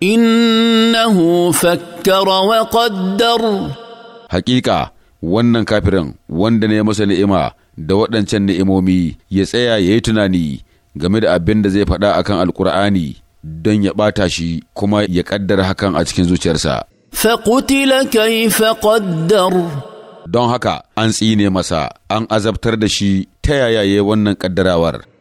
innahu fakkara wa qaddar Hakika wannan kafirin wanda ne masa ni'ima da waɗancan ni'imomi ya tsaya ya yi tunani game da abin da zai faɗa akan alkur'ani don ya ɓata shi kuma ya ƙaddara hakan a cikin zuciyarsa. Faƙutila kaifa ƙaddar. Don haka an tsine masa, an azabtar da shi ta yaya wannan ƙaddarawar.